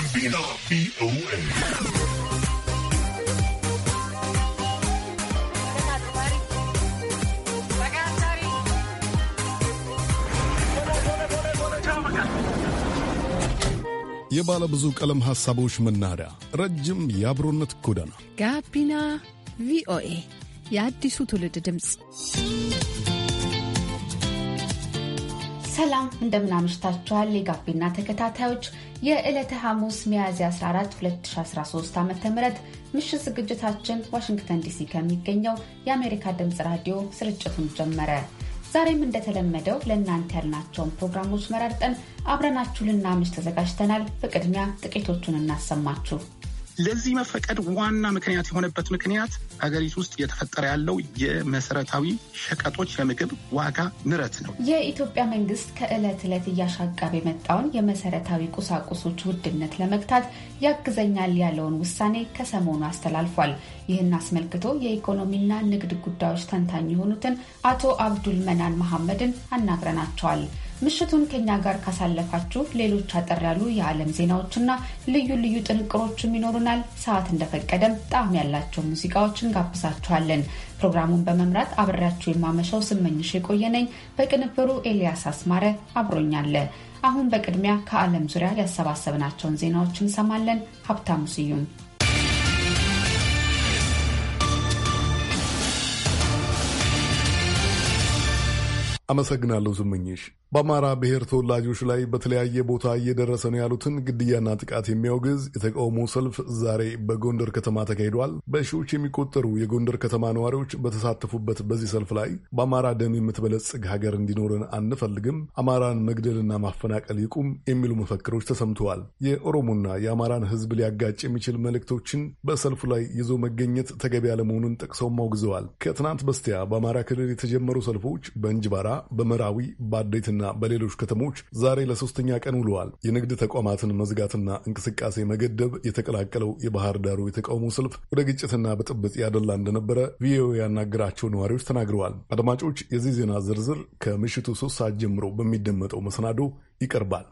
ጋቢና ቪኦኤ የባለ ብዙ ቀለም ሐሳቦች መናኸሪያ፣ ረጅም የአብሮነት ጎዳና ጋቢና ቪኦኤ የአዲሱ ትውልድ ድምፅ። ሰላም እንደምናመሽታችኋል የጋቢና ተከታታዮች የዕለተ ሐሙስ ሚያዝያ 14 2013 ዓ ም ምሽት ዝግጅታችን ዋሽንግተን ዲሲ ከሚገኘው የአሜሪካ ድምፅ ራዲዮ ስርጭቱን ጀመረ። ዛሬም እንደተለመደው ለእናንተ ያልናቸውን ፕሮግራሞች መራርጠን አብረናችሁ ልናምሽ ተዘጋጅተናል። በቅድሚያ ጥቂቶቹን እናሰማችሁ። ለዚህ መፈቀድ ዋና ምክንያት የሆነበት ምክንያት ሀገሪቱ ውስጥ እየተፈጠረ ያለው የመሰረታዊ ሸቀጦች የምግብ ዋጋ ንረት ነው። የኢትዮጵያ መንግስት ከዕለት ዕለት እያሻቀበ የመጣውን የመሰረታዊ ቁሳቁሶች ውድነት ለመግታት ያግዘኛል ያለውን ውሳኔ ከሰሞኑ አስተላልፏል። ይህን አስመልክቶ የኢኮኖሚና ንግድ ጉዳዮች ተንታኝ የሆኑትን አቶ አብዱል መናን መሐመድን አናግረናቸዋል። ምሽቱን ከኛ ጋር ካሳለፋችሁ ሌሎች አጠር ያሉ የዓለም ዜናዎችና ልዩ ልዩ ጥንቅሮችም ይኖሩናል። ሰዓት እንደፈቀደም ጣዕም ያላቸው ሙዚቃዎችን ጋብዛችኋለን። ፕሮግራሙን በመምራት አብሬያችሁ የማመሻው ስመኝሽ የቆየነኝ፣ በቅንብሩ ኤልያስ አስማረ አብሮኛለ። አሁን በቅድሚያ ከዓለም ዙሪያ ያሰባሰብናቸውን ዜናዎች እንሰማለን። ሀብታሙ ስዩም አመሰግናለሁ ስመኝሽ። በአማራ ብሔር ተወላጆች ላይ በተለያየ ቦታ እየደረሰ ነው ያሉትን ግድያና ጥቃት የሚያወግዝ የተቃውሞ ሰልፍ ዛሬ በጎንደር ከተማ ተካሂዷል። በሺዎች የሚቆጠሩ የጎንደር ከተማ ነዋሪዎች በተሳተፉበት በዚህ ሰልፍ ላይ በአማራ ደም የምትበለጽግ ሀገር እንዲኖርን አንፈልግም፣ አማራን መግደልና ማፈናቀል ይቁም የሚሉ መፈክሮች ተሰምተዋል። የኦሮሞና የአማራን ሕዝብ ሊያጋጭ የሚችል መልእክቶችን በሰልፉ ላይ ይዞ መገኘት ተገቢ ያለመሆኑን ጠቅሰው አውግዘዋል። ከትናንት በስቲያ በአማራ ክልል የተጀመሩ ሰልፎች በእንጅባራ፣ በመራዊ፣ በአዴትና በኒውዮርክና በሌሎች ከተሞች ዛሬ ለሶስተኛ ቀን ውለዋል። የንግድ ተቋማትን መዝጋትና እንቅስቃሴ መገደብ የተቀላቀለው የባህር ዳሩ የተቃውሞ ሰልፍ ወደ ግጭትና ብጥብጥ ያደላ እንደነበረ ቪኦኤ ያናገራቸው ነዋሪዎች ተናግረዋል። አድማጮች፣ የዚህ ዜና ዝርዝር ከምሽቱ ሶስት ሰዓት ጀምሮ በሚደመጠው መሰናዶ ይቀርባል።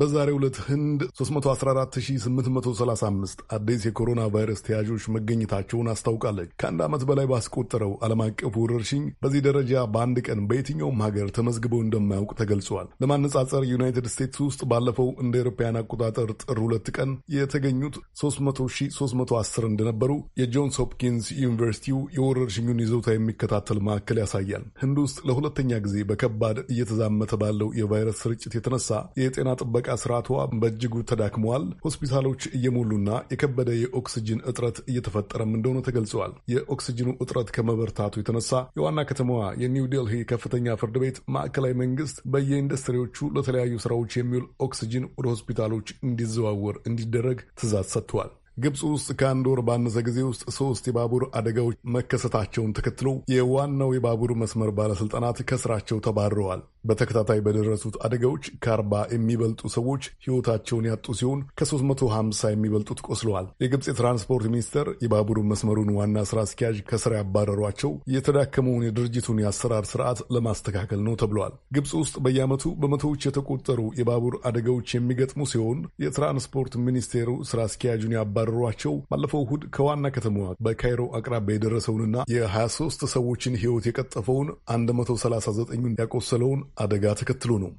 በዛሬው ዕለት ህንድ 314835 አዲስ የኮሮና ቫይረስ ተያዦች መገኘታቸውን አስታውቃለች። ከአንድ ዓመት በላይ ባስቆጠረው ዓለም አቀፍ ወረርሽኝ በዚህ ደረጃ በአንድ ቀን በየትኛውም ሀገር ተመዝግበው እንደማያውቅ ተገልጿል። ለማነጻጸር ዩናይትድ ስቴትስ ውስጥ ባለፈው እንደ አውሮፓውያን አቆጣጠር ጥር ሁለት ቀን የተገኙት 300,310 እንደነበሩ የጆንስ ሆፕኪንስ ዩኒቨርሲቲው የወረርሽኙን ይዞታ የሚከታተል ማዕከል ያሳያል። ህንድ ውስጥ ለሁለተኛ ጊዜ በከባድ እየተዛመተ ባለው የቫይረስ ስርጭት የተነሳ የጤና ጥበ ጥበቃ ስርዓቷ በእጅጉ ተዳክመዋል። ሆስፒታሎች እየሞሉና የከበደ የኦክስጅን እጥረት እየተፈጠረም እንደሆነ ተገልጸዋል። የኦክስጅኑ እጥረት ከመበርታቱ የተነሳ የዋና ከተማዋ የኒው ዴልሂ ከፍተኛ ፍርድ ቤት ማዕከላዊ መንግስት በየኢንዱስትሪዎቹ ለተለያዩ ስራዎች የሚውል ኦክስጅን ወደ ሆስፒታሎች እንዲዘዋወር እንዲደረግ ትእዛዝ ሰጥቷል። ግብፅ ውስጥ ከአንድ ወር ባነሰ ጊዜ ውስጥ ሶስት የባቡር አደጋዎች መከሰታቸውን ተከትሎ የዋናው የባቡር መስመር ባለስልጣናት ከስራቸው ተባረዋል። በተከታታይ በደረሱት አደጋዎች ከአርባ የሚበልጡ ሰዎች ሕይወታቸውን ያጡ ሲሆን ከ350 የሚበልጡት ቆስለዋል። የግብፅ የትራንስፖርት ሚኒስቴር የባቡር መስመሩን ዋና ስራ አስኪያጅ ከስራ ያባረሯቸው የተዳከመውን የድርጅቱን የአሰራር ስርዓት ለማስተካከል ነው ተብሏል። ግብፅ ውስጥ በየዓመቱ በመቶዎች የተቆጠሩ የባቡር አደጋዎች የሚገጥሙ ሲሆን የትራንስፖርት ሚኒስቴሩ ስራ አስኪያጁን ያባ በረሯቸው ባለፈው እሁድ ከዋና ከተማዋ በካይሮ አቅራቢያ የደረሰውንና የ23 ሰዎችን ሕይወት የቀጠፈውን 139ን ያቆሰለውን አደጋ ተከትሎ ነው።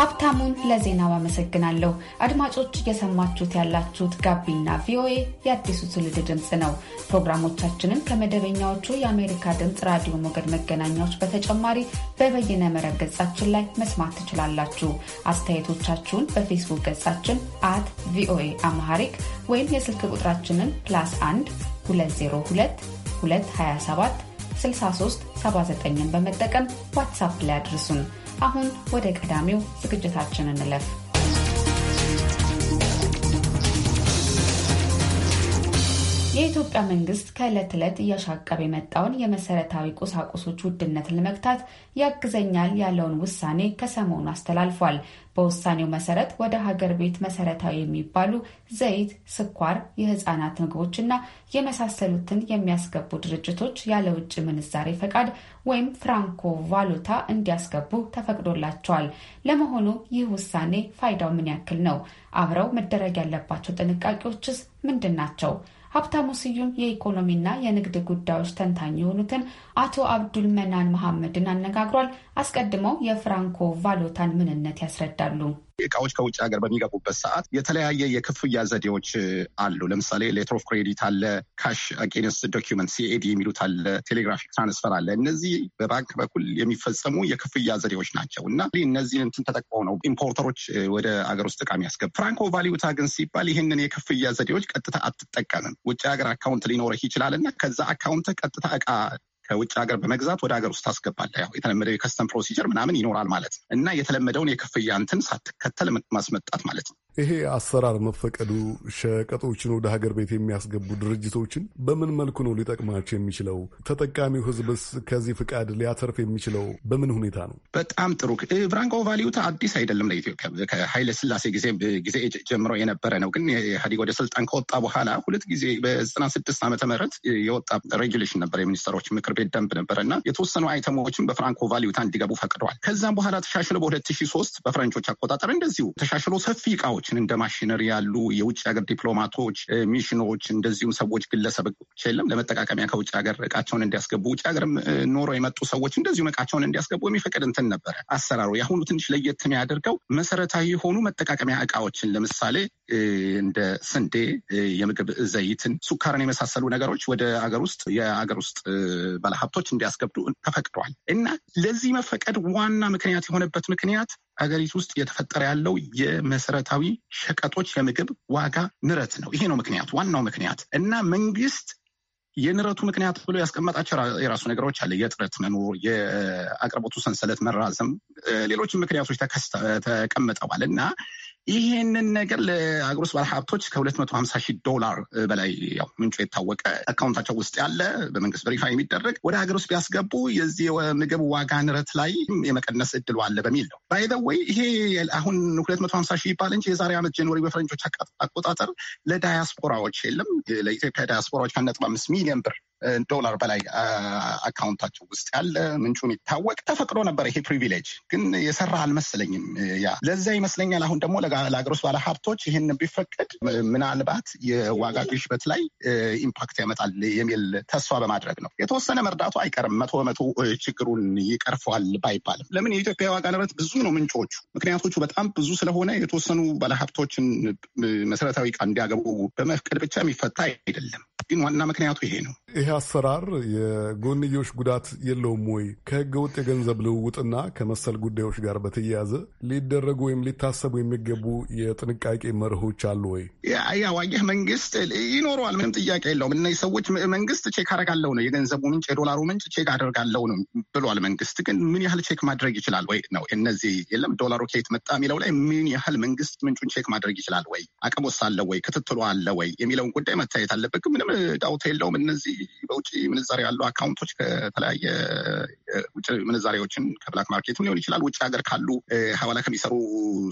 ሀብታሙን ለዜናው አመሰግናለሁ። አድማጮች እየሰማችሁት ያላችሁት ጋቢና ቪኦኤ የአዲሱ ትውልድ ድምፅ ነው። ፕሮግራሞቻችንን ከመደበኛዎቹ የአሜሪካ ድምፅ ራዲዮ ሞገድ መገናኛዎች በተጨማሪ በበይነ መረብ ገጻችን ላይ መስማት ትችላላችሁ። አስተያየቶቻችሁን በፌስቡክ ገጻችን አት ቪኦኤ አማሐሪክ ወይም የስልክ ቁጥራችንን ፕላስ 1 202 227 6379ን በመጠቀም ዋትሳፕ ላይ አድርሱን። አሁን ወደ ቀዳሚው ዝግጅታችን እንለፍ። የኢትዮጵያ መንግስት ከዕለት ዕለት እያሻቀበ የመጣውን የመሰረታዊ ቁሳቁሶች ውድነት ለመግታት ያግዘኛል ያለውን ውሳኔ ከሰሞኑ አስተላልፏል። በውሳኔው መሰረት ወደ ሀገር ቤት መሰረታዊ የሚባሉ ዘይት፣ ስኳር፣ የህፃናት ምግቦች እና የመሳሰሉትን የሚያስገቡ ድርጅቶች ያለ ውጭ ምንዛሬ ፈቃድ ወይም ፍራንኮ ቫሉታ እንዲያስገቡ ተፈቅዶላቸዋል። ለመሆኑ ይህ ውሳኔ ፋይዳው ምን ያክል ነው? አብረው መደረግ ያለባቸው ጥንቃቄዎችስ ምንድን ናቸው? ሀብታሙ ስዩም የኢኮኖሚና የንግድ ጉዳዮች ተንታኝ የሆኑትን አቶ አብዱል መናን መሐመድን አነጋግሯል። አስቀድመው የፍራንኮ ቫሎታን ምንነት ያስረዳሉ። እቃዎች ከውጭ ሀገር በሚገቡበት ሰዓት የተለያየ የክፍያ ዘዴዎች አሉ። ለምሳሌ ሌተር ኦፍ ክሬዲት አለ፣ ካሽ አጌንስት ዶኪመንት ሲኤዲ የሚሉት አለ፣ ቴሌግራፊክ ትራንስፈር አለ። እነዚህ በባንክ በኩል የሚፈጸሙ የክፍያ ዘዴዎች ናቸው እና እነዚህን እንትን ተጠቅመው ነው ኢምፖርተሮች ወደ አገር ውስጥ እቃ የሚያስገቡ። ፍራንኮ ቫሊዩታ ግን ሲባል ይህንን የክፍያ ዘዴዎች ቀጥታ አትጠቀምም። ውጭ ሀገር አካውንት ሊኖረህ ይችላል እና ከዛ አካውንት ቀጥታ እቃ ከውጭ ሀገር በመግዛት ወደ ሀገር ውስጥ ታስገባለ። ያው የተለመደው የከስተም ፕሮሲጀር ምናምን ይኖራል ማለት ነው እና የተለመደውን የክፍያ እንትን ሳትከተል ማስመጣት ማለት ነው። ይሄ አሰራር መፈቀዱ ሸቀጦችን ወደ ሀገር ቤት የሚያስገቡ ድርጅቶችን በምን መልኩ ነው ሊጠቅማቸው የሚችለው? ተጠቃሚው ሕዝብስ ከዚህ ፍቃድ ሊያተርፍ የሚችለው በምን ሁኔታ ነው? በጣም ጥሩ። ብራንኮ ቫሊዩታ አዲስ አይደለም ለኢትዮጵያ። ከኃይለ ስላሴ ጊዜ ጊዜ ጀምሮ የነበረ ነው። ግን ኢህአዴግ ወደ ስልጣን ከወጣ በኋላ ሁለት ጊዜ በዘጠና ስድስት ዓመተ ምህረት የወጣ ሬጉሌሽን ነበር፣ የሚኒስትሮች ምክር ቤት ደንብ ነበረ እና የተወሰኑ አይተሞችን በፍራንኮ ቫሊዩታ እንዲገቡ ፈቅደዋል። ከዛም በኋላ ተሻሽሎ በሁለት ሺህ ሶስት በፈረንጆች አቆጣጠር እንደዚሁ ተሻሽሎ ሰፊ እቃዎች ቦታዎችን እንደ ማሽነሪ ያሉ የውጭ ሀገር ዲፕሎማቶች፣ ሚሽኖች እንደዚሁም ሰዎች ግለሰቦች የለም ለመጠቃቀሚያ ከውጭ ሀገር እቃቸውን እንዲያስገቡ ውጭ ሀገርም ኖሮ የመጡ ሰዎች እንደዚሁም እቃቸውን እንዲያስገቡ የሚፈቅድ እንትን ነበረ አሰራሩ። የአሁኑ ትንሽ ለየት የሚያደርገው መሰረታዊ የሆኑ መጠቃቀሚያ እቃዎችን ለምሳሌ እንደ ስንዴ፣ የምግብ ዘይትን፣ ሱካርን የመሳሰሉ ነገሮች ወደ አገር ውስጥ የአገር ውስጥ ባለሀብቶች እንዲያስገብዱ ተፈቅዷል እና ለዚህ መፈቀድ ዋና ምክንያት የሆነበት ምክንያት አገሪቱ ውስጥ እየተፈጠረ ያለው የመሰረታዊ ሸቀጦች የምግብ ዋጋ ንረት ነው። ይሄ ነው ምክንያት ዋናው ምክንያት እና መንግስት የንረቱ ምክንያት ብሎ ያስቀመጣቸው የራሱ ነገሮች አለ። የጥረት መኖር፣ የአቅርቦቱ ሰንሰለት መራዘም፣ ሌሎችም ምክንያቶች ተቀምጠዋል እና ይሄንን ነገር ለአገሮች ባለሀብቶች ከ250 ሺህ ዶላር በላይ ያው ምንጩ የታወቀ አካውንታቸው ውስጥ ያለ በመንግስት በሪፋ የሚደረግ ወደ ሀገር ውስጥ ቢያስገቡ የዚህ ምግብ ዋጋ ንረት ላይ የመቀነስ እድሉ አለ በሚል ነው። ባይደወይ ይሄ አሁን 250 ሺህ ይባል እንጂ የዛሬ ዓመት ጀንዋሪ በፈረንጆች አቆጣጠር ለዳያስፖራዎች የለም ለኢትዮጵያ ዳያስፖራዎች ከነጥብ አምስት ሚሊዮን ብር ዶላር በላይ አካውንታቸው ውስጥ ያለ ምንጩ የሚታወቅ ተፈቅዶ ነበር። ይሄ ፕሪቪሌጅ ግን የሰራ አልመሰለኝም። ያ ለዛ ይመስለኛል። አሁን ደግሞ ለአገር ውስጥ ባለሀብቶች ይህን ቢፈቀድ ምናልባት የዋጋ ግሽበት ላይ ኢምፓክት ያመጣል የሚል ተስፋ በማድረግ ነው። የተወሰነ መርዳቱ አይቀርም። መቶ በመቶ ችግሩን ይቀርፈዋል ባይባልም፣ ለምን የኢትዮጵያ የዋጋ ንረት ብዙ ነው። ምንጮቹ ምክንያቶቹ በጣም ብዙ ስለሆነ የተወሰኑ ባለሀብቶችን መሰረታዊ ዕቃ እንዲያገቡ በመፍቀድ ብቻ የሚፈታ አይደለም። ግን ዋና ምክንያቱ ይሄ ነው። አሰራር የጎንዮሽ ጉዳት የለውም ወይ? ከህገ ወጥ የገንዘብ ልውውጥና ከመሰል ጉዳዮች ጋር በተያያዘ ሊደረጉ ወይም ሊታሰቡ የሚገቡ የጥንቃቄ መርሆች አሉ ወይ? ያዋየህ መንግስት ይኖረዋል። ምንም ጥያቄ የለውም። እነዚህ ሰዎች መንግስት ቼክ አደርጋለሁ ነው የገንዘቡ ምንጭ የዶላሩ ምንጭ ቼክ አደርጋለሁ ነው ብሏል። መንግስት ግን ምን ያህል ቼክ ማድረግ ይችላል ወይ ነው እነዚህ የለም ዶላሩ ከየት መጣ የሚለው ላይ ምን ያህል መንግስት ምንጩን ቼክ ማድረግ ይችላል ወይ አቅሞስ አለ ወይ ክትትሎ አለ ወይ የሚለውን ጉዳይ መታየት አለበት። ግን ምንም ዳውት የለውም እነዚህ በውጭ ምንዛሬ ያሉ አካውንቶች ከተለያየ ውጭ ምንዛሬዎችን ከብላክ ማርኬትም ሊሆን ይችላል ውጭ ሀገር ካሉ ሀዋላ ከሚሰሩ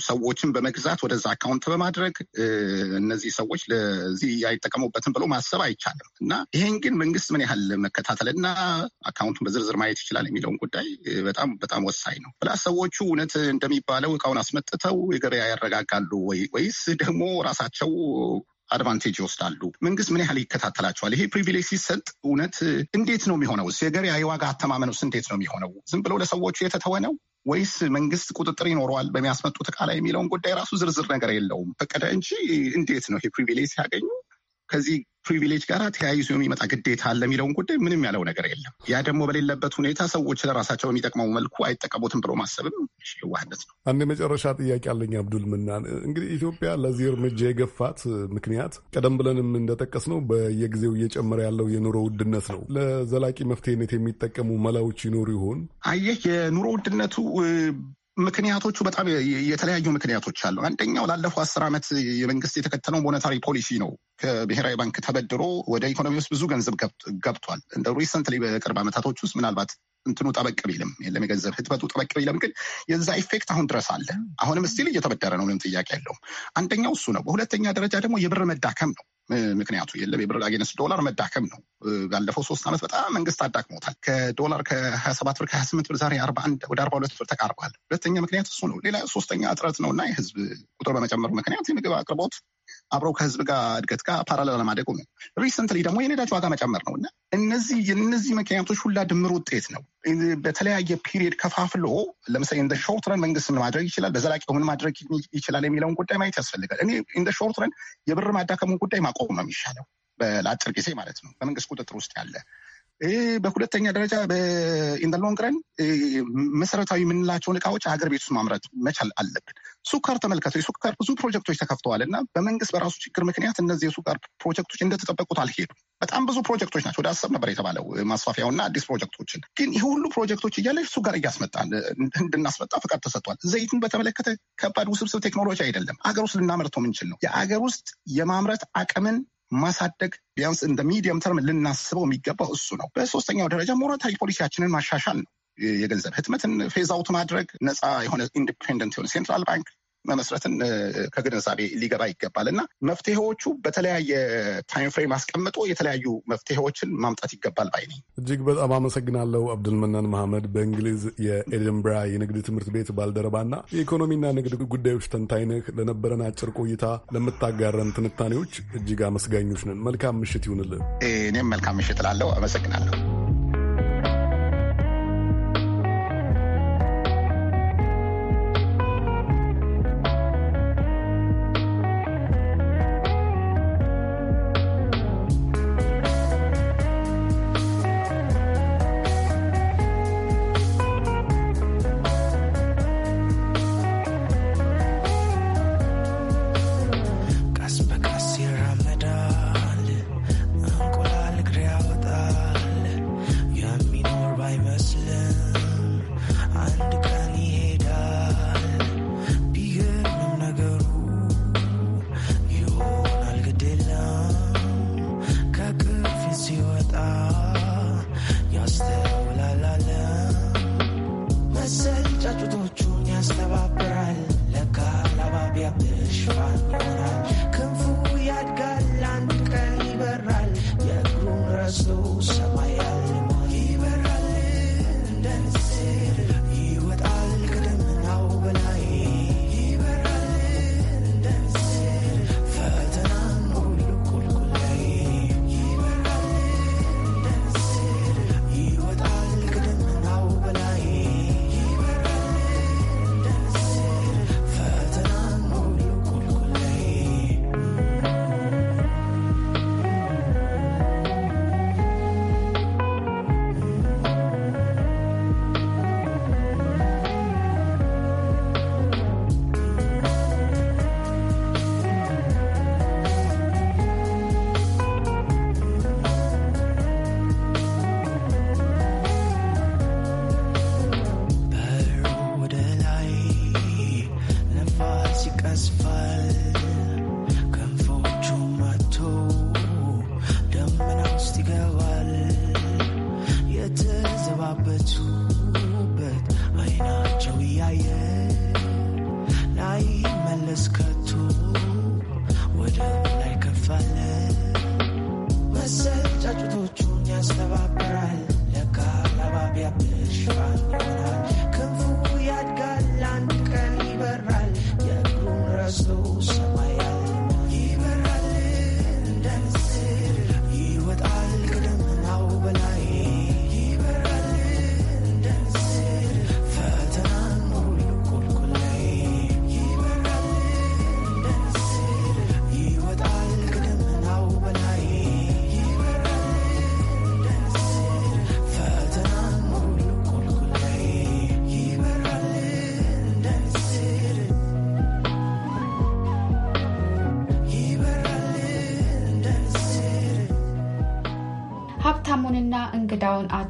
ሰዎችን በመግዛት ወደዛ አካውንት በማድረግ እነዚህ ሰዎች ለዚህ አይጠቀሙበትም ብሎ ማሰብ አይቻልም እና ይሄን ግን መንግስት ምን ያህል መከታተልና አካውንቱን በዝርዝር ማየት ይችላል የሚለውን ጉዳይ በጣም በጣም ወሳኝ ነው። ብላ ሰዎቹ እውነት እንደሚባለው እቃውን አስመጥተው የገበያ ያረጋጋሉ ወይስ ደግሞ ራሳቸው አድቫንቴጅ ይወስዳሉ። መንግስት ምን ያህል ይከታተላቸዋል? ይሄ ፕሪቪሌጅ ሲሰጥ እውነት እንዴት ነው የሚሆነው? የገበያ የዋጋ አተማመኑስ እንዴት ነው የሚሆነው? ዝም ብለው ለሰዎቹ የተተወ ነው ወይስ መንግስት ቁጥጥር ይኖረዋል በሚያስመጡት ዕቃ ላይ የሚለውን ጉዳይ ራሱ ዝርዝር ነገር የለውም። ፈቀደ እንጂ እንዴት ነው ይሄ ፕሪቪሌጅ ሲያገኙ ከዚህ ፕሪቪሌጅ ጋር ተያይዞ የሚመጣ ግዴታ አለ የሚለውን ጉዳይ ምንም ያለው ነገር የለም። ያ ደግሞ በሌለበት ሁኔታ ሰዎች ለራሳቸው የሚጠቅመው መልኩ አይጠቀሙትም ብሎ ማሰብም የዋህነት ነው። አንድ የመጨረሻ ጥያቄ አለኝ። አብዱል ምናን እንግዲህ ኢትዮጵያ ለዚህ እርምጃ የገፋት ምክንያት ቀደም ብለንም እንደጠቀስ ነው በየጊዜው እየጨመረ ያለው የኑሮ ውድነት ነው። ለዘላቂ መፍትሄነት የሚጠቀሙ መላዎች ይኖሩ ይሆን? አየህ የኑሮ ውድነቱ ምክንያቶቹ በጣም የተለያዩ ምክንያቶች አሉ። አንደኛው ላለፈው አስር ዓመት የመንግስት የተከተለው ሞኔታሪ ፖሊሲ ነው። ከብሔራዊ ባንክ ተበድሮ ወደ ኢኮኖሚ ውስጥ ብዙ ገንዘብ ገብቷል። እንደ ሪሰንት በቅርብ ዓመታቶች ውስጥ ምናልባት እንትኑ ጠበቅ ቢልም የለም የገንዘብ ህትበቱ ጠበቅ ቢልም ግን የዛ ኢፌክት አሁን ድረስ አለ። አሁንም ስቲል እየተበደረ ነው። ምንም ጥያቄ ያለው አንደኛው እሱ ነው። በሁለተኛ ደረጃ ደግሞ የብር መዳከም ነው። ምክንያቱ የለም። የብር አጌንስት ዶላር መዳከም ነው። ባለፈው ሶስት ዓመት በጣም መንግስት አዳክሞታል። ከዶላር ከሀያ ሰባት ብር ከሀያ ስምንት ብር ዛሬ አርባ አንድ ወደ አርባ ሁለት ብር ተቃርቧል። ሁለተኛ ምክንያት እሱ ነው። ሌላ ሶስተኛ እጥረት ነው እና የህዝብ ቁጥር በመጨመሩ ምክንያት የምግብ አቅርቦት አብረው ከህዝብ ጋር እድገት ጋር ፓራሌል ለማደግ ነው። ሪሰንትሊ ደግሞ የነዳጅ ዋጋ መጨመር ነው እና እነዚህ የነዚህ ምክንያቶች ሁላ ድምር ውጤት ነው። በተለያየ ፒሪየድ ከፋፍሎ ለምሳሌ እንደ ሾርትረን መንግስት ምን ማድረግ ይችላል፣ በዘላቂ ምን ማድረግ ይችላል የሚለውን ጉዳይ ማየት ያስፈልጋል። እኔ እንደ ሾርትረን የብር ማዳከሙን ጉዳይ ማቆም ነው የሚሻለው፣ ለአጭር ጊዜ ማለት ነው በመንግስት ቁጥጥር ውስጥ ያለ በሁለተኛ ደረጃ በኢንደሎንግረን መሰረታዊ የምንላቸውን እቃዎች ሀገር ቤት ውስጥ ማምረት መቻል አለብን። ሱካር ተመልከቱ። የሱካር ብዙ ፕሮጀክቶች ተከፍተዋል እና በመንግስት በራሱ ችግር ምክንያት እነዚህ የሱካር ፕሮጀክቶች እንደተጠበቁት አልሄዱም። በጣም ብዙ ፕሮጀክቶች ናቸው። ወደ አስር ነበር የተባለው ማስፋፊያውና አዲስ ፕሮጀክቶችን ግን ይህ ሁሉ ፕሮጀክቶች እያለ እሱ ጋር እያስመጣን እንድናስመጣ ፈቃድ ተሰጥቷል። ዘይትን በተመለከተ ከባድ ውስብስብ ቴክኖሎጂ አይደለም። አገር ውስጥ ልናመርተው የምንችል ነው። የአገር ውስጥ የማምረት አቅምን ማሳደግ ቢያንስ እንደ ሚዲየም ተርም ልናስበው የሚገባው እሱ ነው። በሶስተኛው ደረጃ ሞኔታሪ ፖሊሲያችንን ማሻሻል ነው። የገንዘብ ህትመትን ፌዛውት ማድረግ፣ ነፃ የሆነ ኢንዲፔንደንት የሆነ ሴንትራል ባንክ መመስረትን ከግንዛቤ ሊገባ ይገባል እና መፍትሄዎቹ በተለያየ ታይም ፍሬም አስቀምጦ የተለያዩ መፍትሄዎችን ማምጣት ይገባል ባይ ነኝ። እጅግ በጣም አመሰግናለሁ። አብዱልመናን መሐመድ በእንግሊዝ የኤድንብራ የንግድ ትምህርት ቤት ባልደረባና የኢኮኖሚና ንግድ ጉዳዮች ተንታይነህ ለነበረን አጭር ቆይታ ለምታጋረን ትንታኔዎች እጅግ አመስጋኞች ነን። መልካም ምሽት ይሁንልን። እኔም መልካም ምሽት እላለሁ። አመሰግናለሁ።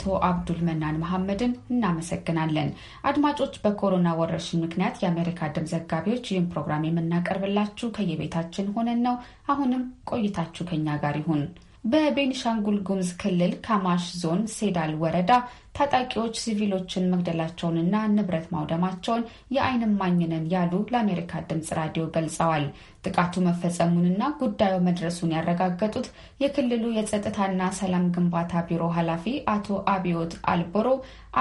አቶ አብዱል መናን መሐመድን እናመሰግናለን። አድማጮች፣ በኮሮና ወረርሽኝ ምክንያት የአሜሪካ ድምፅ ዘጋቢዎች ይህን ፕሮግራም የምናቀርብላችሁ ከየቤታችን ሆነን ነው። አሁንም ቆይታችሁ ከኛ ጋር ይሁን። በቤኒሻንጉል ጉሙዝ ክልል ካማሽ ዞን ሴዳል ወረዳ ታጣቂዎች ሲቪሎችን መግደላቸውንና ንብረት ማውደማቸውን የዓይን እማኝ ነን ያሉ ለአሜሪካ ድምፅ ራዲዮ ገልጸዋል። ጥቃቱ መፈጸሙንና ጉዳዩ መድረሱን ያረጋገጡት የክልሉ የጸጥታና ሰላም ግንባታ ቢሮ ኃላፊ አቶ አብዮት አልቦሮ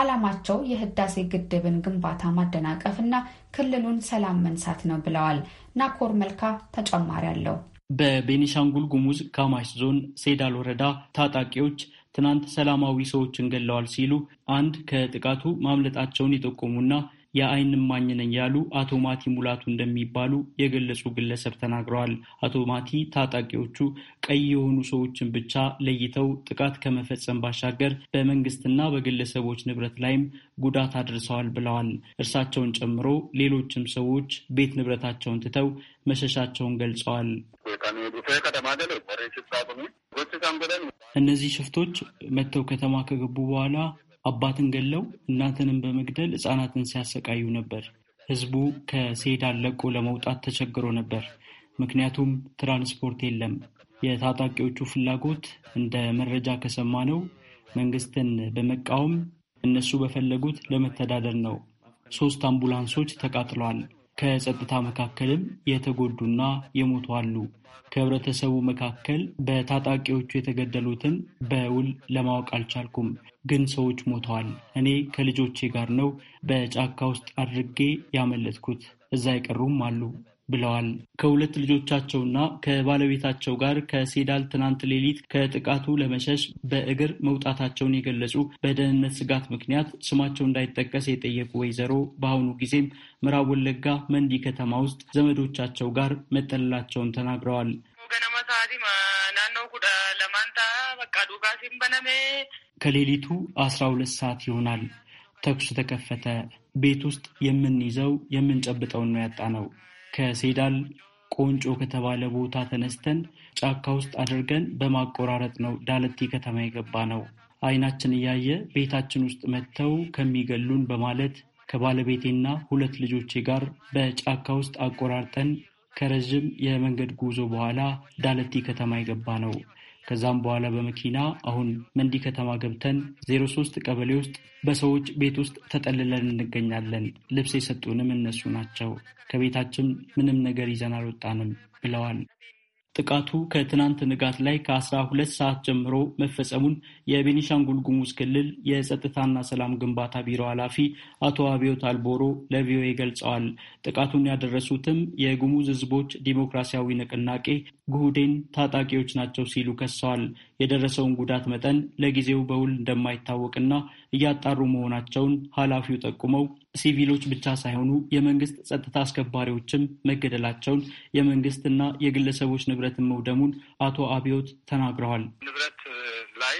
ዓላማቸው የህዳሴ ግድብን ግንባታ ማደናቀፍና ክልሉን ሰላም መንሳት ነው ብለዋል። ናኮር መልካ ተጨማሪ አለው። በቤኒሻንጉል ጉሙዝ ካማሽ ዞን ሴዳል ወረዳ ታጣቂዎች ትናንት ሰላማዊ ሰዎችን ገለዋል ሲሉ አንድ ከጥቃቱ ማምለጣቸውን የጠቆሙና የአይን ማኝነኝ ነኝ ያሉ አቶ ማቲ ሙላቱ እንደሚባሉ የገለጹ ግለሰብ ተናግረዋል። አቶ ማቲ ታጣቂዎቹ ቀይ የሆኑ ሰዎችን ብቻ ለይተው ጥቃት ከመፈጸም ባሻገር በመንግስትና በግለሰቦች ንብረት ላይም ጉዳት አድርሰዋል ብለዋል። እርሳቸውን ጨምሮ ሌሎችም ሰዎች ቤት ንብረታቸውን ትተው መሸሻቸውን ገልጸዋል። እነዚህ ሽፍቶች መጥተው ከተማ ከገቡ በኋላ አባትን ገለው እናትንም በመግደል ህፃናትን ሲያሰቃዩ ነበር። ህዝቡ ከሴዳን ለቆ ለመውጣት ተቸግሮ ነበር። ምክንያቱም ትራንስፖርት የለም። የታጣቂዎቹ ፍላጎት እንደ መረጃ ከሰማነው መንግስትን በመቃወም እነሱ በፈለጉት ለመተዳደር ነው። ሶስት አምቡላንሶች ተቃጥለዋል። ከጸጥታ መካከልም የተጎዱና የሞቱ አሉ። ከህብረተሰቡ መካከል በታጣቂዎቹ የተገደሉትን በውል ለማወቅ አልቻልኩም፣ ግን ሰዎች ሞተዋል። እኔ ከልጆቼ ጋር ነው በጫካ ውስጥ አድርጌ ያመለጥኩት። እዛ አይቀሩም አሉ። ብለዋል። ከሁለት ልጆቻቸውና ከባለቤታቸው ጋር ከሴዳል ትናንት ሌሊት ከጥቃቱ ለመሸሽ በእግር መውጣታቸውን የገለጹ በደህንነት ስጋት ምክንያት ስማቸው እንዳይጠቀስ የጠየቁ ወይዘሮ በአሁኑ ጊዜም ምዕራብ ወለጋ መንዲ ከተማ ውስጥ ዘመዶቻቸው ጋር መጠለላቸውን ተናግረዋል። ከሌሊቱ አስራ ሁለት ሰዓት ይሆናል። ተኩስ ተከፈተ። ቤት ውስጥ የምንይዘው የምንጨብጠውን ነው ያጣ ነው። ከሴዳል ቆንጮ ከተባለ ቦታ ተነስተን ጫካ ውስጥ አድርገን በማቆራረጥ ነው ዳለቲ ከተማ የገባ ነው። አይናችን እያየ ቤታችን ውስጥ መጥተው ከሚገሉን በማለት ከባለቤቴና ሁለት ልጆቼ ጋር በጫካ ውስጥ አቆራርጠን ከረዥም የመንገድ ጉዞ በኋላ ዳለቲ ከተማ የገባ ነው። ከዛም በኋላ በመኪና አሁን መንዲ ከተማ ገብተን ዜሮ ሶስት ቀበሌ ውስጥ በሰዎች ቤት ውስጥ ተጠልለን እንገኛለን። ልብስ የሰጡንም እነሱ ናቸው። ከቤታችን ምንም ነገር ይዘን አልወጣንም ብለዋል። ጥቃቱ ከትናንት ንጋት ላይ ከአስራ ሁለት ሰዓት ጀምሮ መፈጸሙን የቤኒሻንጉል ጉሙዝ ክልል የጸጥታና ሰላም ግንባታ ቢሮ ኃላፊ አቶ አብዮት አልቦሮ ለቪኦኤ ገልጸዋል። ጥቃቱን ያደረሱትም የጉሙዝ ህዝቦች ዲሞክራሲያዊ ንቅናቄ ጉህዴን ታጣቂዎች ናቸው ሲሉ ከሰዋል። የደረሰውን ጉዳት መጠን ለጊዜው በውል እንደማይታወቅና እያጣሩ መሆናቸውን ኃላፊው ጠቁመው ሲቪሎች ብቻ ሳይሆኑ የመንግስት ጸጥታ አስከባሪዎችም መገደላቸውን የመንግስትና የግለሰቦች ንብረትን መውደሙን አቶ አብዮት ተናግረዋል። ንብረት ላይ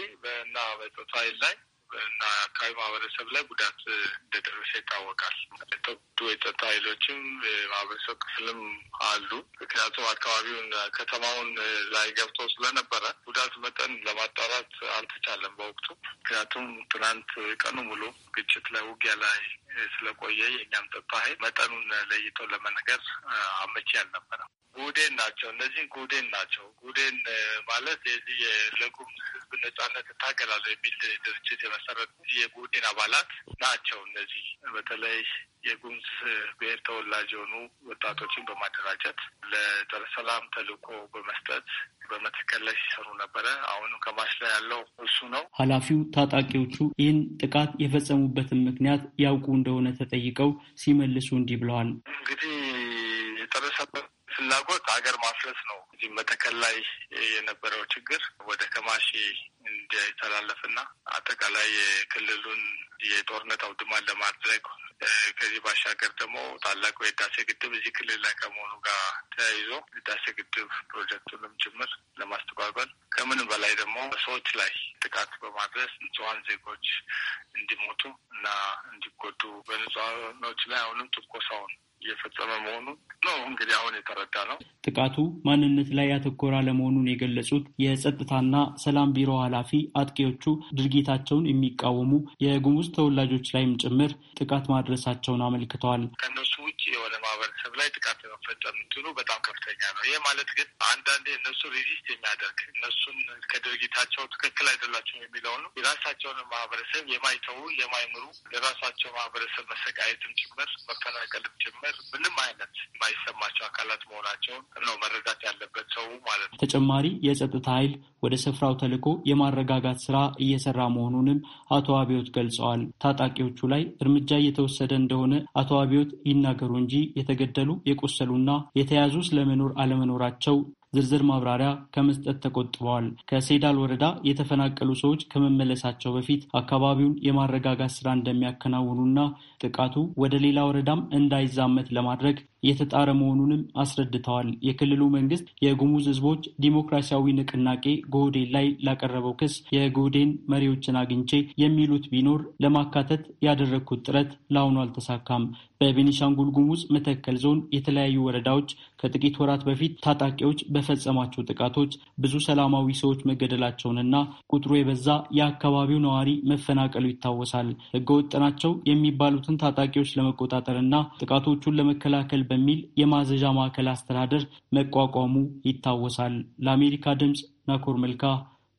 እና በጸጥታ ኃይል ላይ አካባቢ ማህበረሰብ ላይ ጉዳት እንደደረሰ ይታወቃል። የተወዱ የጸጥታ ኃይሎችም የማህበረሰብ ክፍልም አሉ። ምክንያቱም አካባቢውን ከተማውን ላይ ገብቶ ስለነበረ ጉዳት መጠን ለማጣራት አልተቻለም በወቅቱ ምክንያቱም ትናንት ቀኑ ሙሉ ግጭት ላይ ውጊያ ላይ ስለቆየ የእኛም ጥንታዊ መጠኑን ለይቶ ለመነገር አመቺ አልነበረም። ጉዴን ናቸው እነዚህ ጉዴን ናቸው። ጉዴን ማለት የዚህ የለጉም ህዝብ ነጻነት እታገላለሁ የሚል ድርጅት የመሰረቱ የጉዴን አባላት ናቸው። እነዚህ በተለይ የጉሙዝ ብሔር ተወላጅ የሆኑ ወጣቶችን በማደራጀት ለጸረ ሰላም ተልዕኮ በመስጠት በመተከል ላይ ሲሰሩ ነበረ። አሁንም ከማሽ ላይ ያለው እሱ ነው። ኃላፊው ታጣቂዎቹ ይህን ጥቃት የፈጸሙበትን ምክንያት ያውቁ እንደሆነ ተጠይቀው ሲመልሱ እንዲህ ብለዋል። እንግዲህ የጠረሰበት ፍላጎት አገር ማፍረስ ነው። እዚህ መተከል ላይ የነበረው ችግር ወደ ከማሽ እንዲተላለፍና አጠቃላይ የክልሉን የጦርነት አውድማን ለማድረግ ከዚህ ባሻገር ደግሞ ታላቁ የህዳሴ ግድብ እዚህ ክልል ላይ ከመሆኑ ጋር ተያይዞ ህዳሴ ግድብ ፕሮጀክቱንም ጭምር ለማስተጓጓል ከምንም በላይ ደግሞ ሰዎች ላይ ጥቃት በማድረስ ንጹሐን ዜጎች እንዲሞቱ እና እንዲጎዱ በንጹሐኖች ላይ አሁንም ትንኮሳውን እየፈጸመ መሆኑን ነው እንግዲህ አሁን የተረዳ ነው። ጥቃቱ ማንነት ላይ ያተኮረ አለመሆኑን የገለጹት የጸጥታና ሰላም ቢሮ ኃላፊ አጥቂዎቹ ድርጊታቸውን የሚቃወሙ የጉሙዝ ተወላጆች ላይም ጭምር ጥቃት ማድረሳቸውን አመልክተዋል። ከእነሱ ውጭ የሆነ ማህበረሰብ ላይ ጥቃት የመፈጸም እንትኑ በጣም ከፍተኛ ነው። ይህ ማለት ግን አንዳንዴ እነሱ ሪዚስት የሚያደርግ እነሱን ከድርጊታቸው ትክክል አይደላቸው የሚለውን የራሳቸውን ማህበረሰብ የማይተዉ የማይምሩ ለራሳቸው ማህበረሰብ መሰቃየትም ጭምር መፈናቀልም ጭምር መፈጠር ምንም አይነት የማይሰማቸው አካላት መሆናቸውን ነው መረዳት ያለበት ሰው ማለት ነው። ተጨማሪ የጸጥታ ኃይል ወደ ስፍራው ተልኮ የማረጋጋት ስራ እየሰራ መሆኑንም አቶ አብዮት ገልጸዋል። ታጣቂዎቹ ላይ እርምጃ እየተወሰደ እንደሆነ አቶ አብዮት ይናገሩ እንጂ የተገደሉ የቆሰሉና የተያዙ ስለመኖር አለመኖራቸው ዝርዝር ማብራሪያ ከመስጠት ተቆጥበዋል። ከሴዳል ወረዳ የተፈናቀሉ ሰዎች ከመመለሳቸው በፊት አካባቢውን የማረጋጋት ስራ እንደሚያከናውኑና ጥቃቱ ወደ ሌላ ወረዳም እንዳይዛመት ለማድረግ እየተጣረ መሆኑንም አስረድተዋል። የክልሉ መንግስት የጉሙዝ ህዝቦች ዲሞክራሲያዊ ንቅናቄ ጎህዴን ላይ ላቀረበው ክስ የጎህዴን መሪዎችን አግኝቼ የሚሉት ቢኖር ለማካተት ያደረግኩት ጥረት ለአሁኑ አልተሳካም። በቤኒሻንጉል ጉሙዝ መተከል ዞን የተለያዩ ወረዳዎች ከጥቂት ወራት በፊት ታጣቂዎች በፈጸማቸው ጥቃቶች ብዙ ሰላማዊ ሰዎች መገደላቸውንና ቁጥሩ የበዛ የአካባቢው ነዋሪ መፈናቀሉ ይታወሳል። ህገወጥ ናቸው የሚባሉትን ታጣቂዎች ለመቆጣጠርና ጥቃቶቹን ለመከላከል በሚል የማዘዣ ማዕከል አስተዳደር መቋቋሙ ይታወሳል። ለአሜሪካ ድምፅ ናኮር መልካ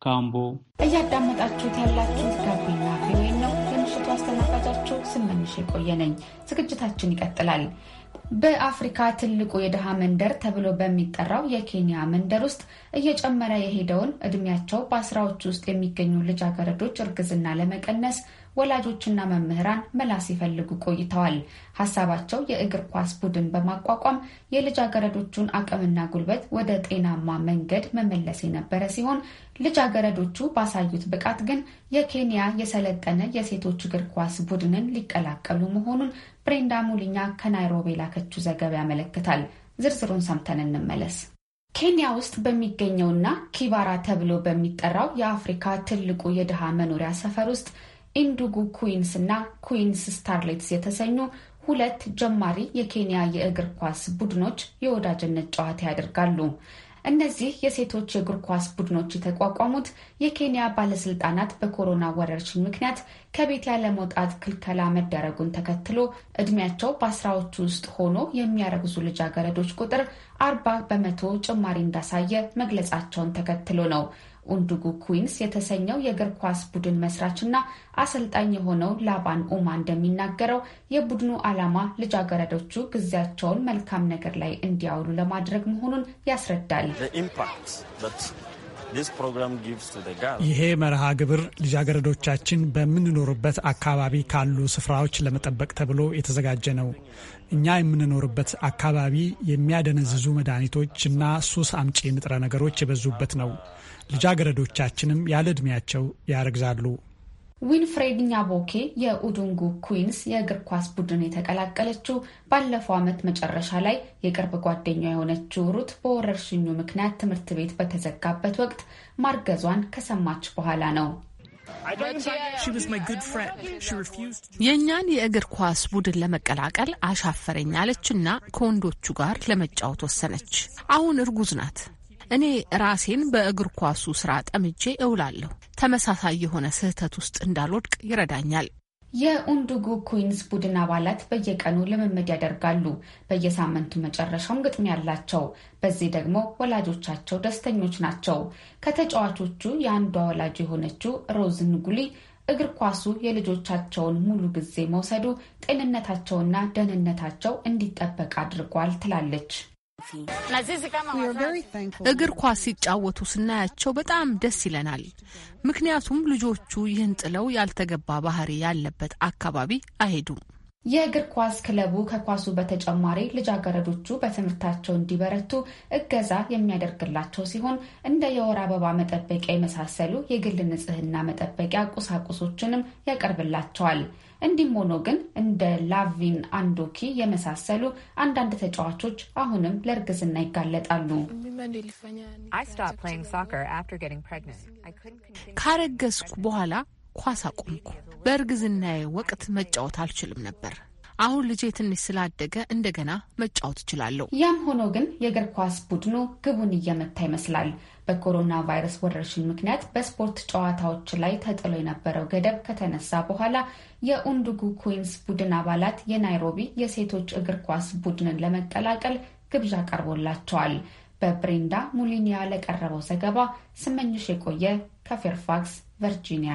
ካምቦ እያዳመጣችሁት ያላችሁት ጋቢና ቪኦኤ ነው። የምሽቱ አስተናጋጃችሁ ስምንሽ የቆየ ነኝ። ዝግጅታችን ይቀጥላል። በአፍሪካ ትልቁ የድሃ መንደር ተብሎ በሚጠራው የኬንያ መንደር ውስጥ እየጨመረ የሄደውን እድሜያቸው በአስራዎች ውስጥ የሚገኙ ልጃገረዶች እርግዝና ለመቀነስ ወላጆችና መምህራን መላ ሲፈልጉ ቆይተዋል። ሀሳባቸው የእግር ኳስ ቡድን በማቋቋም የልጃገረዶቹን አቅምና ጉልበት ወደ ጤናማ መንገድ መመለስ የነበረ ሲሆን ልጃገረዶቹ ባሳዩት ብቃት ግን የኬንያ የሰለጠነ የሴቶች እግር ኳስ ቡድንን ሊቀላቀሉ መሆኑን ብሬንዳ ሙሊኛ ከናይሮቢ ላከችው ዘገባ ያመለክታል። ዝርዝሩን ሰምተን እንመለስ። ኬንያ ውስጥ በሚገኘውና ኪባራ ተብሎ በሚጠራው የአፍሪካ ትልቁ የድሃ መኖሪያ ሰፈር ውስጥ ኢንዱጉ ኩዊንስ እና ኩዊንስ ስታርሌትስ የተሰኙ ሁለት ጀማሪ የኬንያ የእግር ኳስ ቡድኖች የወዳጅነት ጨዋታ ያደርጋሉ። እነዚህ የሴቶች የእግር ኳስ ቡድኖች የተቋቋሙት የኬንያ ባለስልጣናት በኮሮና ወረርሽኝ ምክንያት ከቤት ያለመውጣት ክልከላ መደረጉን ተከትሎ እድሜያቸው በአስራዎቹ ውስጥ ሆኖ የሚያረግዙ ልጃገረዶች ቁጥር አርባ በመቶ ጭማሪ እንዳሳየ መግለጻቸውን ተከትሎ ነው። ኡንዱጉ ኩዊንስ የተሰኘው የእግር ኳስ ቡድን መስራችና አሰልጣኝ የሆነው ላባን ኡማ እንደሚናገረው የቡድኑ ዓላማ ልጃገረዶቹ ጊዜያቸውን መልካም ነገር ላይ እንዲያውሉ ለማድረግ መሆኑን ያስረዳል። ይሄ መርሃ ግብር ልጃገረዶቻችን በምንኖርበት አካባቢ ካሉ ስፍራዎች ለመጠበቅ ተብሎ የተዘጋጀ ነው። እኛ የምንኖርበት አካባቢ የሚያደነዝዙ እና ሱስ አምጪ ንጥረ ነገሮች የበዙበት ነው። ልጃገረዶቻችንም ያለ ዕድሜያቸው ያረግዛሉ። ዊንፍሬድ ኛቦኬ የኡዱንጉ ኩዊንስ የእግር ኳስ ቡድን የተቀላቀለችው ባለፈው ዓመት መጨረሻ ላይ የቅርብ ጓደኛ የሆነችው ሩት በወረርሽኙ ምክንያት ትምህርት ቤት በተዘጋበት ወቅት ማርገዟን ከሰማች በኋላ ነው። የእኛን የእግር ኳስ ቡድን ለመቀላቀል አሻፈረኝ አለችና ከወንዶቹ ጋር ለመጫወት ወሰነች። አሁን እርጉዝ ናት። እኔ ራሴን በእግር ኳሱ ስራ ጠምጄ እውላለሁ። ተመሳሳይ የሆነ ስህተት ውስጥ እንዳልወድቅ ይረዳኛል። የኡንዱጉ ኩዊንስ ቡድን አባላት በየቀኑ ልምምድ ያደርጋሉ። በየሳምንቱ መጨረሻውም ግጥሚያ ያላቸው። በዚህ ደግሞ ወላጆቻቸው ደስተኞች ናቸው። ከተጫዋቾቹ የአንዷ ወላጅ የሆነችው ሮዝ ንጉሊ እግር ኳሱ የልጆቻቸውን ሙሉ ጊዜ መውሰዱ ጤንነታቸውና ደህንነታቸው እንዲጠበቅ አድርጓል ትላለች። እግር ኳስ ሲጫወቱ ስናያቸው በጣም ደስ ይለናል። ምክንያቱም ልጆቹ ይህን ጥለው ያልተገባ ባህሪ ያለበት አካባቢ አይሄዱም። የእግር ኳስ ክለቡ ከኳሱ በተጨማሪ ልጃገረዶቹ በትምህርታቸው እንዲበረቱ እገዛ የሚያደርግላቸው ሲሆን እንደ የወር አበባ መጠበቂያ የመሳሰሉ የግል ንጽህና መጠበቂያ ቁሳቁሶችንም ያቀርብላቸዋል። እንዲህም ሆኖ ግን እንደ ላቪን አንዶኪ የመሳሰሉ አንዳንድ ተጫዋቾች አሁንም ለእርግዝና ይጋለጣሉ። ካረገዝኩ በኋላ ኳስ አቆምኩ። በእርግዝናዬ ወቅት መጫወት አልችልም ነበር። አሁን ልጄ ትንሽ ስላደገ እንደገና መጫወት እችላለሁ። ያም ሆኖ ግን የእግር ኳስ ቡድኑ ግቡን እየመታ ይመስላል። በኮሮና ቫይረስ ወረርሽኝ ምክንያት በስፖርት ጨዋታዎች ላይ ተጥሎ የነበረው ገደብ ከተነሳ በኋላ የኡንዱጉ ኩዊንስ ቡድን አባላት የናይሮቢ የሴቶች እግር ኳስ ቡድንን ለመቀላቀል ግብዣ ቀርቦላቸዋል። በብሬንዳ ሙሊኒያ ለቀረበው ዘገባ ስመኝሽ የቆየ ከፌርፋክስ ቨርጂኒያ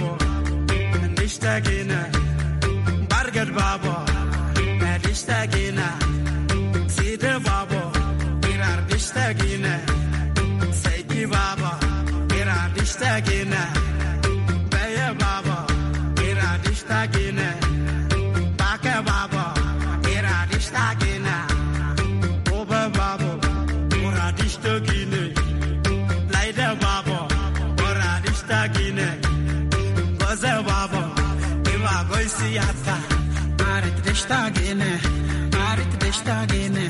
taagina bargad baabo maadish taagina sida baabo iraadish taagina sayki baabo iraadish beye baya baabo iraadish taagina Siyata, arit deshta gene, arit deshta gene.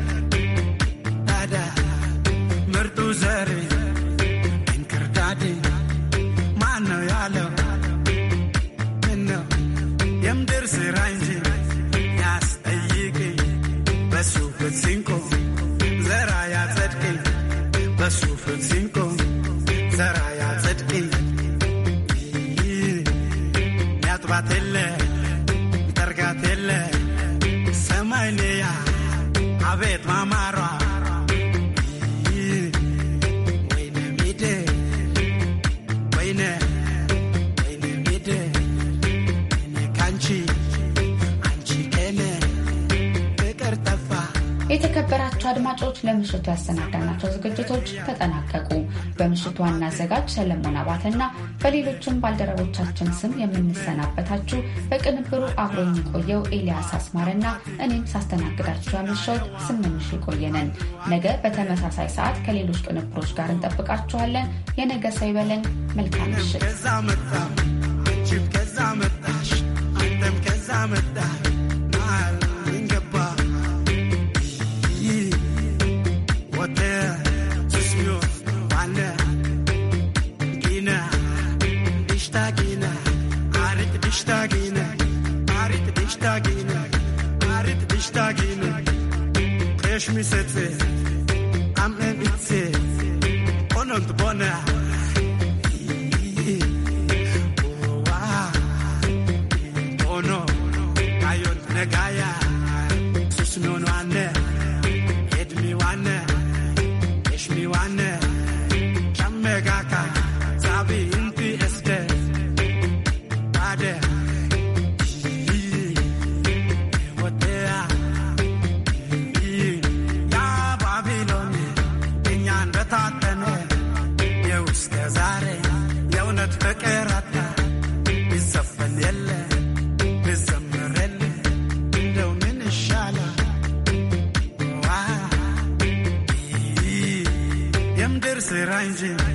Kun cinco, Saraya Zedin, Yatwatele. የተከበራቸው አድማጮች ለምሽቱ ያሰናዳናቸው ዝግጅቶች ተጠናቀቁ። በምሽቱ ዋና አዘጋጅ ሰለሞን አባትና በሌሎችም ባልደረቦቻችን ስም የምንሰናበታችሁ በቅንብሩ አብሮ የሚቆየው ኤልያስ አስማረና እኔም ሳስተናግዳችሁ ያመሸሁት ስምንሽ የቆየነን ነገ በተመሳሳይ ሰዓት ከሌሎች ቅንብሮች ጋር እንጠብቃችኋለን። የነገ ሰው ይበለን። መልካም ምሽት። تشتاقينا عارف تشتاقينا عارف تشتاقينا قريش مسدسة عم بيتسة قنط بنا Ono, ayon nagaya, susunonu Changing.